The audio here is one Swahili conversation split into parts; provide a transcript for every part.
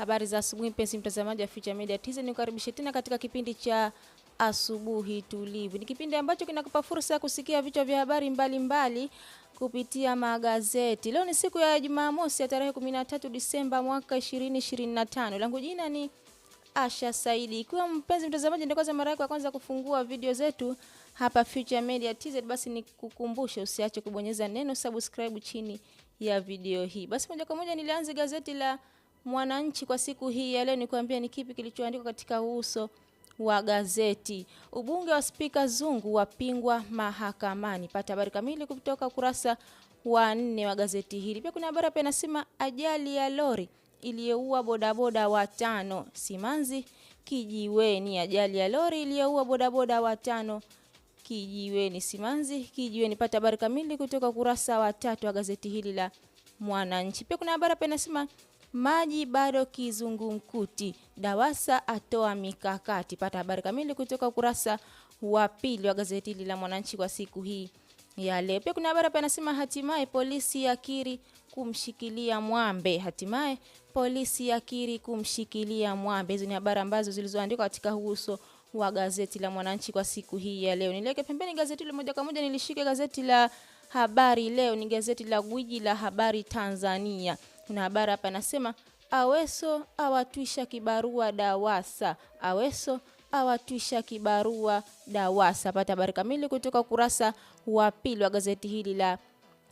Habari za asubuhi mpenzi mtazamaji wa Future Media TZ, nikukaribishe tena katika kipindi cha asubuhi tulivu. Ni kipindi ambacho kinakupa fursa ya kusikia vichwa vya habari mbalimbali kupitia magazeti. Leo ni siku ya Jumamosi ya tarehe 13 Disemba mwaka 2025. Langu jina ni Asha Saidi. Ikiwa mpenzi mtazamaji ndio kwanza mara yako ya kwanza kufungua video zetu hapa Future Media TZ, basi nikukumbushe usiache kubonyeza neno subscribe chini ya video hii. Basi moja kwa moja nilianze gazeti la Mwananchi kwa siku hii ya leo, nikuambia ni kipi kilichoandikwa katika uso wa gazeti. Ubunge wa spika Zungu wapingwa mahakamani. Pata habari kamili kutoka ukurasa wa nne wa gazeti hili. Pia kuna habari pia inasema ajali ya lori iliyoua bodaboda watano Simanzi Kijiweni. Ajali ya lori iliyoua bodaboda watano Kijiweni, Simanzi Kijiweni. Pata habari kamili kutoka ukurasa wa tatu wa gazeti hili la Mwananchi. Pia kuna habari pia inasema maji bado kizungumkuti, DAWASA atoa mikakati. Pata habari kamili kutoka ukurasa wa pili wa gazeti hili la Mwananchi kwa siku hii ya leo. Pia kuna habari hapa inasema, hatimaye polisi yakiri kumshikilia Mwambe. Hatimaye polisi yakiri kumshikilia Mwambe. Hizo ni habari ambazo zilizoandikwa katika uso wa gazeti la Mwananchi kwa siku hii ya leo. Niliweke pembeni gazeti hilo moja kwa moja, nilishike gazeti la Habari Leo, ni gazeti la gwiji la habari Tanzania. Kuna habari hapa inasema Aweso awatwisha kibarua Dawasa. Aweso awatwisha kibarua Dawasa. Pata habari kamili kutoka ukurasa wa pili wa gazeti hili la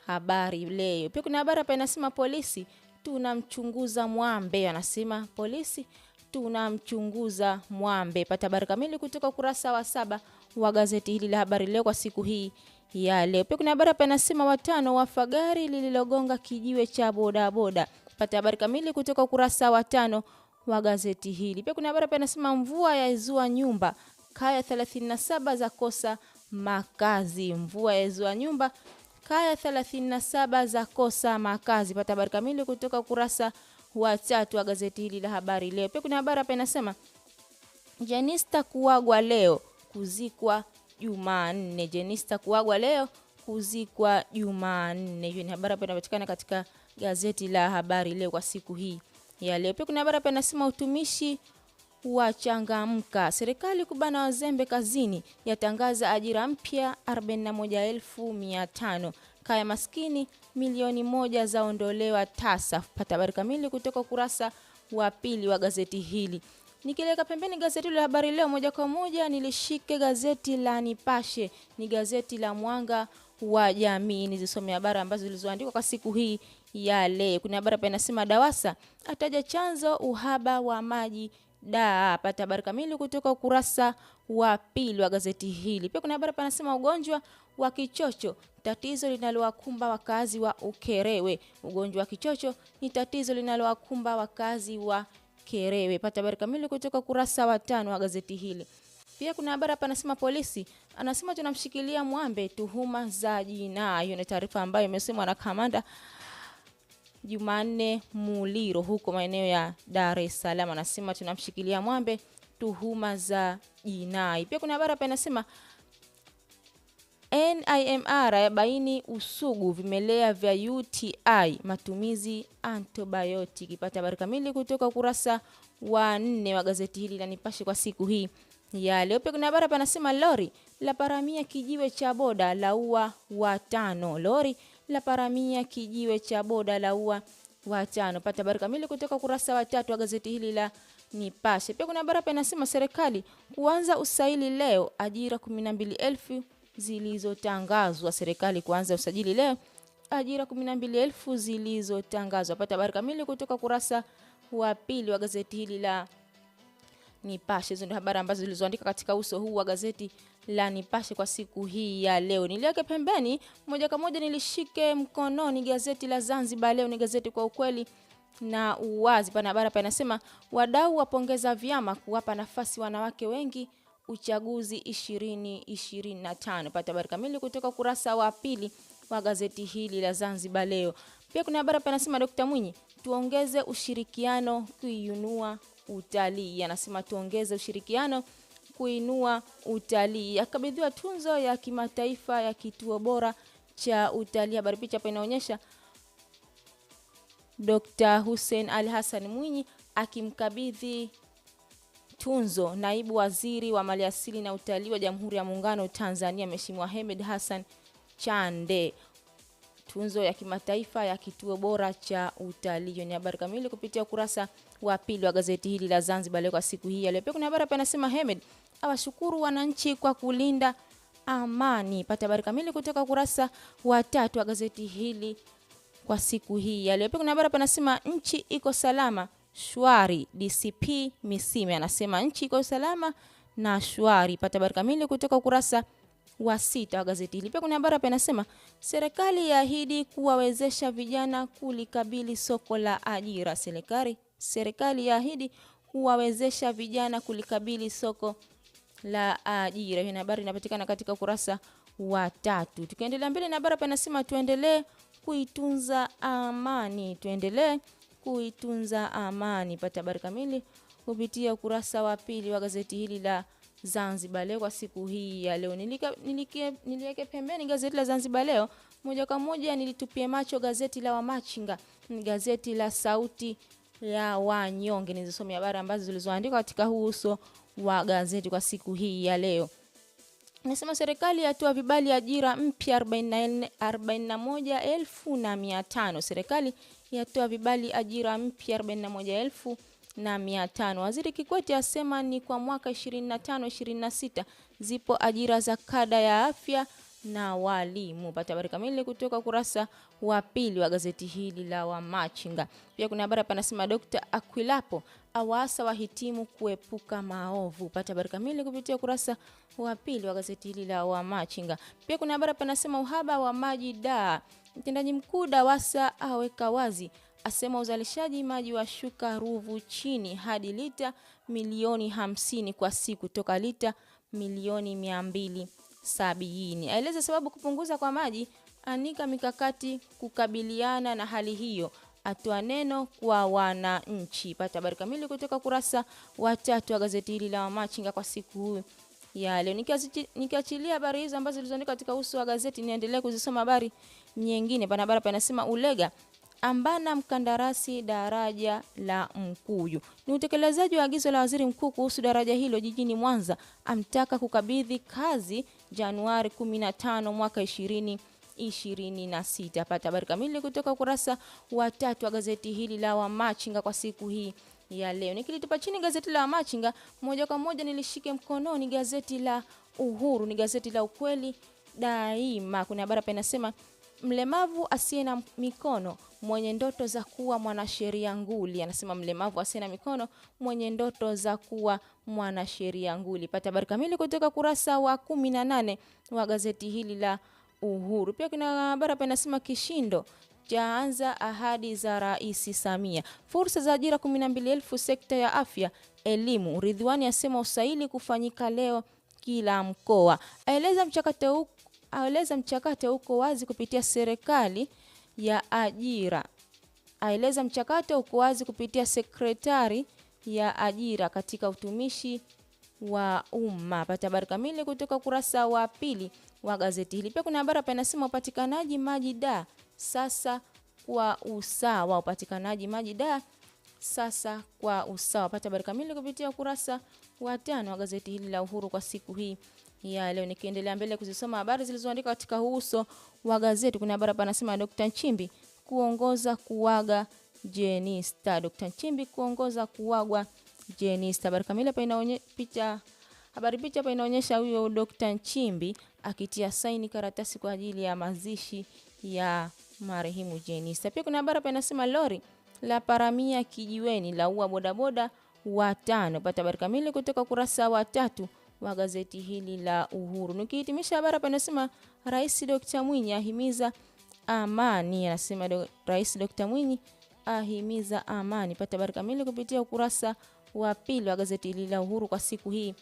Habari Leo. Pia kuna habari hapa inasema polisi tunamchunguza Mwambe, anasema polisi tunamchunguza Mwambe. Pata habari kamili kutoka ukurasa wa saba wa gazeti hili la Habari Leo kwa siku hii yale. Pia kuna habari hapa inasema watano wafa gari lililogonga kijiwe cha bodaboda. Pata habari kamili kutoka ukurasa wa tano wa gazeti hili. Pia kuna habari hapa inasema mvua yaizua nyumba, kaya 37 za kosa makazi. Mvua yaizua nyumba, kaya 37 za kosa makazi. Pata habari kamili kutoka ukurasa wa tatu wa gazeti hili la Habari Leo. Pia kuna habari hapa inasema Janista kuagwa leo, kuzikwa Jumanne. Jenista kuagwa leo kuzikwa Jumanne. Hiyo ni habari ambayo inapatikana katika gazeti la Habari Leo kwa siku hii ya leo. Pia kuna habari hapa inasema utumishi wachangamka, serikali kubana wazembe kazini, yatangaza ajira mpya 41,500 kaya maskini milioni moja zaondolewa TASAF. Pata habari kamili kutoka ukurasa wa pili wa gazeti hili nikileka pembeni gazeti la Habari Leo moja kwa moja, nilishike gazeti la Nipashe, ni gazeti la mwanga wa jamii. Nizisome habari ambazo zilizoandikwa kwa siku hii ya leo. Kuna habari hapa inasema DAWASA ataja chanzo uhaba wa maji da. Pata habari kamili kutoka ukurasa wa pili wa gazeti hili. Pia kuna habari hapa inasema ugonjwa wa kichocho tatizo linalowakumba wakazi wa Ukerewe. Ugonjwa wa kichocho ni tatizo linalowakumba wakazi wa Kerewe. Pata habari kamili kutoka kurasa wa tano wa gazeti hili. Pia kuna habari hapa anasema polisi anasema tunamshikilia Mwambe tuhuma za jinai. Hiyo ni taarifa ambayo imesemwa na kamanda Jumanne Muliro huko maeneo ya Dar es Salaam, anasema tunamshikilia Mwambe tuhuma za jinai. Pia kuna habari hapa inasema NIMR yabaini usugu vimelea vya UTI matumizi antibiotic. Pata habari kamili kutoka ukurasa wa nne wa gazeti hili la Nipashe kwa siku hii ya leo. Pia kuna habari panasema lori la paramia kijiwe cha boda laua watano, lori la paramia kijiwe cha boda laua watano. Pata habari kamili kutoka ukurasa wa tatu wa gazeti hili la Nipashe. Pia kuna habari hapa inasema serikali kuanza usaili leo, ajira 12,000 zilizotangazwa serikali kuanza usajili leo, ajira 12,000 zilizotangazwa. Pata habari kamili kutoka kurasa wa pili wa gazeti hili la Nipashe. Hizo ndio habari ambazo zilizoandika katika uso huu wa gazeti la Nipashe kwa siku hii ya leo. Niliweke pembeni moja kwa moja, nilishike mkononi gazeti la Zanzibar Leo. Ni gazeti kwa ukweli na uwazi. Pana habari hapa inasema wadau wapongeza vyama kuwapa nafasi wanawake wengi uchaguzi 2025. Pata habari kamili kutoka ukurasa wa pili wa gazeti hili la Zanzibar Leo. Pia kuna habari hapa inasema Dkt. Mwinyi, tuongeze ushirikiano kuinua utalii. Anasema tuongeze ushirikiano kuinua utalii. Akabidhiwa tunzo ya kimataifa ya kituo bora cha utalii. Habari picha hapa inaonyesha Dkt. Hussein Ali Hassan Mwinyi akimkabidhi Tunzo. Naibu Waziri wa Maliasili na Utalii wa Jamhuri ya Muungano Tanzania, Mheshimiwa Hemed Hassan Chande. Tunzo ya kimataifa ya kituo bora cha utalii. Ni habari kamili kupitia ukurasa wa pili wa gazeti hili la Zanzibar leo kwa siku hii. Leo pia kuna habari hapa inasema Hemed awashukuru wananchi kwa kulinda amani. Pata habari kamili kutoka ukurasa wa tatu wa gazeti hili kwa siku hii. Leo pia kuna habari hapa inasema nchi iko salama shwari. DCP Misime anasema nchi iko salama na shwari. Pata habari kamili kutoka ukurasa wa sita wa gazeti hili. Pia kuna habari hapa inasema serikali yaahidi kuwawezesha vijana kulikabili soko la ajira. Serikali serikali yaahidi kuwawezesha vijana kulikabili soko la ajira. Hii habari inapatikana katika ukurasa wa tatu. Tukiendelea mbele na habari hapa inasema tuendelee kuitunza amani, tuendelee kuitunza amani. Pata habari kamili kupitia ukurasa wa pili wa gazeti hili la Zanzibar Leo kwa siku hii ya leo. Niliweke pembeni gazeti la Zanzibar Leo moja kwa moja, nilitupie macho gazeti la Wamachinga, gazeti la Sauti ya Wanyonge. Nizisome habari ambazo zilizoandikwa katika uso wa gazeti kwa siku hii ya leo. Nasema serikali yatoa vibali ajira mpya 41,500. Serikali yatoa vibali ajira mpya 41,000 na mia tano. Waziri Kikwete asema ni kwa mwaka 25 26 zipo ajira za kada ya afya na walimu. Pata habari kamili kutoka ukurasa wa pili wa gazeti hili la Wamachinga. Pia kuna habari hapa nasema Dr. Akwilapo awasa wahitimu kuepuka maovu. Pata habari kamili kupitia ukurasa wa pili wa gazeti hili la Wamachinga. Pia kuna habari hapa nasema uhaba wa maji daa Mtendaji mkuu DAWASA aweka wazi, asema uzalishaji maji wa shuka Ruvu chini hadi lita milioni hamsini kwa siku toka lita milioni mia mbili sabini. Aeleza sababu kupunguza kwa maji, anika mikakati kukabiliana na hali hiyo, atoa neno kwa wananchi. Pata habari kamili kutoka kurasa wa tatu wa gazeti hili la Wamachinga kwa siku huyu leo Nikiachilia habari hizo ambazo zilizoandikwa katika uso wa gazeti, niendelee kuzisoma habari nyingine. Barabara panasema Ulega ambana mkandarasi daraja la Mkuyu. Ni utekelezaji wa agizo la waziri mkuu kuhusu daraja hilo jijini Mwanza, amtaka kukabidhi kazi Januari 15 mwaka 20 26. Pata habari kamili kutoka ukurasa wa tatu wa gazeti hili la Wamachinga kwa siku hii ya leo. Nikilitupa chini gazeti la Machinga moja kwa moja, nilishike mkononi gazeti la Uhuru, ni gazeti la ukweli daima. Kuna habari hapa inasema mlemavu asiye na mikono mwenye ndoto za kuwa mwanasheria nguli. Anasema mlemavu asiye na mikono mwenye ndoto za kuwa mwanasheria nguli. Pata habari kamili kutoka kurasa wa 18 wa gazeti hili la Uhuru. Pia kuna habari hapa inasema kishindo jaanza ahadi za Rais Samia. Fursa za ajira 12,000 sekta ya afya, elimu. Ridhiwani asema usaili kufanyika leo kila mkoa. Aeleza mchakato, aeleza mchakato uko wazi kupitia serikali ya ajira. Aeleza mchakato uko wazi kupitia sekretari ya ajira katika utumishi wa umma. Pata habari kamili kutoka ukurasa wa pili wa gazeti hili. Pia kuna habari hapa inasema upatikanaji maji da sasa kwa usawa upatikanaji maji da sasa kwa usawa. Pata habari kamili kupitia ukurasa wa tano wa gazeti hili la Uhuru kwa siku hii ya leo. Nikiendelea mbele kuzisoma habari zilizoandika katika uso wa gazeti, kuna habari panasema Dr. Nchimbi kuongoza kuwaga Jenista. Dr. Nchimbi kuongoza kuwagwa Jenista. Habari kamili hapa inaonyesha picha habari picha hapa inaonyesha huyo Dr. Nchimbi akitia saini karatasi kwa ajili ya mazishi ya marehemu Jenista. Pia kuna habari hapa inasema lori la Paramia kijiweni la ua bodaboda watano. Pata habari kamili kutoka ukurasa wa tatu wa gazeti hili la Uhuru. Nikihitimisha habari hapa inasema Rais Dr. Mwinyi ahimiza amani, anasema Rais Dr. Mwinyi ahimiza amani. Pata habari kamili kupitia ukurasa wa pili wa gazeti hili la Uhuru kwa siku hii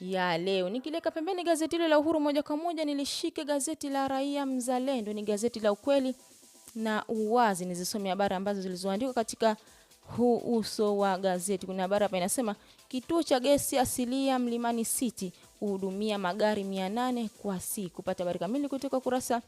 ya leo. Nikileka pembeni gazeti hilo la Uhuru moja kwa moja, nilishike gazeti la Raia Mzalendo. Ni gazeti la ukweli na uwazi. Nizisome habari ambazo zilizoandikwa katika huu uso wa gazeti. Kuna habari hapa inasema kituo cha gesi asilia Mlimani City uhudumia magari 800 kwa siku. Kupata habari kamili kutoka kurasa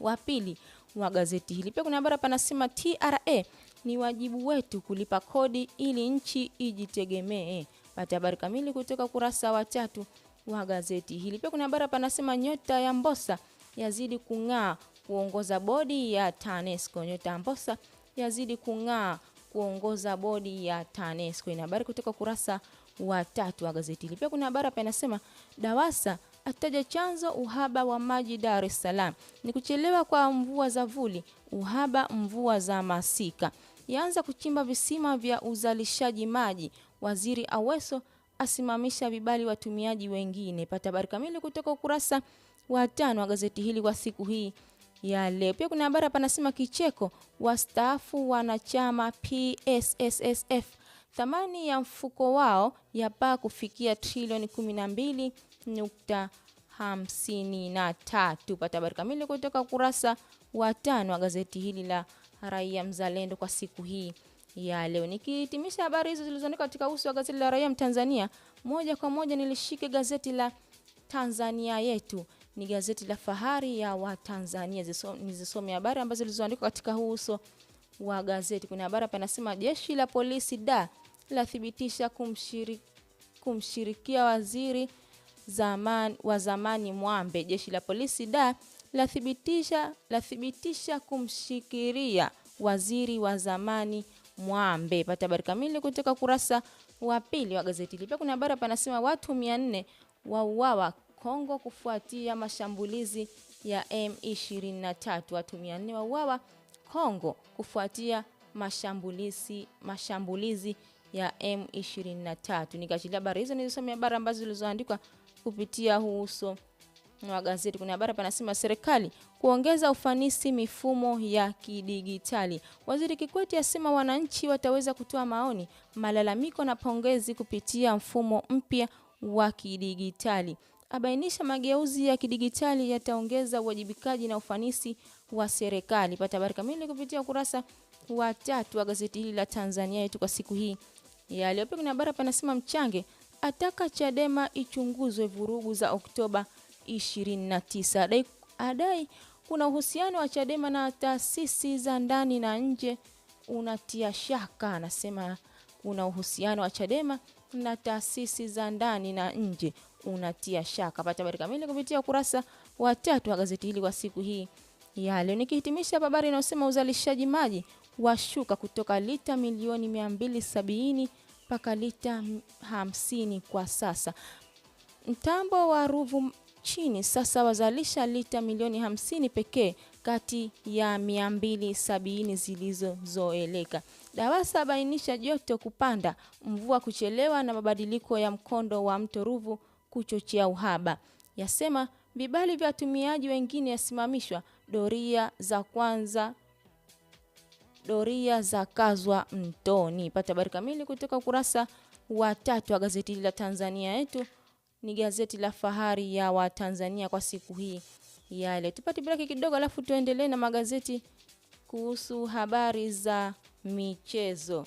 wa pili wa gazeti hili. Pia kuna habari hapa nasema TRA ni wajibu wetu kulipa kodi ili nchi ijitegemee. Pata habari kamili kutoka kurasa wa tatu wa gazeti hili. Pia kuna habari hapa nasema nyota ya Mbosa yazidi kung'aa kuongoza bodi ya TANESCO. Nyota ya Mbosa yazidi kung'aa kuongoza bodi ya TANESCO. Ina habari kutoka kurasa wa tatu wa gazeti hili. Pia kuna habari hapa inasema DAWASA ataja chanzo uhaba wa maji Dar es Salaam, ni kuchelewa kwa mvua za vuli, uhaba mvua za masika, yaanza kuchimba visima vya uzalishaji maji, Waziri Aweso asimamisha vibali watumiaji wengine. Pata habari kamili kutoka ukurasa wa tano wa gazeti hili kwa siku hii ya leo. Pia kuna habari hapa nasema kicheko, wastaafu wanachama PSSSF thamani ya mfuko wao yapaa kufikia trilioni 12.53. Pata habari kamili kutoka ukurasa wa tano wa gazeti hili la Raia Mzalendo kwa siku hii ya leo. Nikihitimisha habari hizo zilizoandikwa katika uso wa gazeti la Raia Mtanzania, moja kwa moja nilishike gazeti la Tanzania Yetu. Ni gazeti la fahari ya Watanzania. Nizisome habari ambazo zilizoandikwa katika uso wa gazeti. Kuna habari hapa inasema jeshi la polisi da lathibitisha kumshiri, kumshirikia waziri zaman, wa zamani Mwambe. Jeshi la polisi da lathibitisha, lathibitisha kumshikiria waziri wa zamani Mwambe. Pata habari kamili kutoka kurasa wa pili wa gazeti hili. Pia kuna habari panasema watu 400 wauawa Kongo kufuatia mashambulizi ya M23. Watu 400 wauawa Kongo kufuatia mashambulizi mashambulizi ya M23. Nikachilia habari hizo nilizosomea habari ambazo zilizoandikwa kupitia huu uso wa gazeti kuna habari panasema serikali kuongeza ufanisi mifumo ya kidigitali. Waziri Kikwete asema wananchi wataweza kutoa maoni, malalamiko na pongezi kupitia mfumo mpya wa kidigitali. Abainisha mageuzi ya kidigitali yataongeza uwajibikaji na ufanisi wa serikali. Pata habari kamili kupitia ukurasa wa tatu wa gazeti hili la Tanzania yetu kwa siku hii. Yaliyopo kuna habari panasema Mchange ataka Chadema ichunguzwe vurugu za Oktoba 29 adai, kuna uhusiano wa Chadema na taasisi za ndani na nje unatia shaka. Anasema kuna uhusiano wa Chadema na taasisi za ndani na nje unatia shaka. Pata habari kamili kupitia ukurasa wa tatu wa gazeti hili kwa siku hii ya leo. Nikihitimisha habari inayosema uzalishaji maji washuka kutoka lita milioni 270 mpaka lita 50 kwa sasa. Mtambo wa Ruvu chini sasa wazalisha lita milioni 50 pekee kati ya 270 zilizozoeleka. DAWASA bainisha joto kupanda, mvua kuchelewa na mabadiliko ya mkondo wa mto Ruvu kuchochea uhaba. Yasema vibali vya watumiaji wengine yasimamishwa, doria za kwanza doria za kazwa mtoni. Pata habari kamili kutoka ukurasa wa tatu wa gazeti la Tanzania yetu ni gazeti la fahari ya Watanzania kwa siku hii yale tupati Tupate breki kidogo, alafu tuendelee na magazeti kuhusu habari za michezo.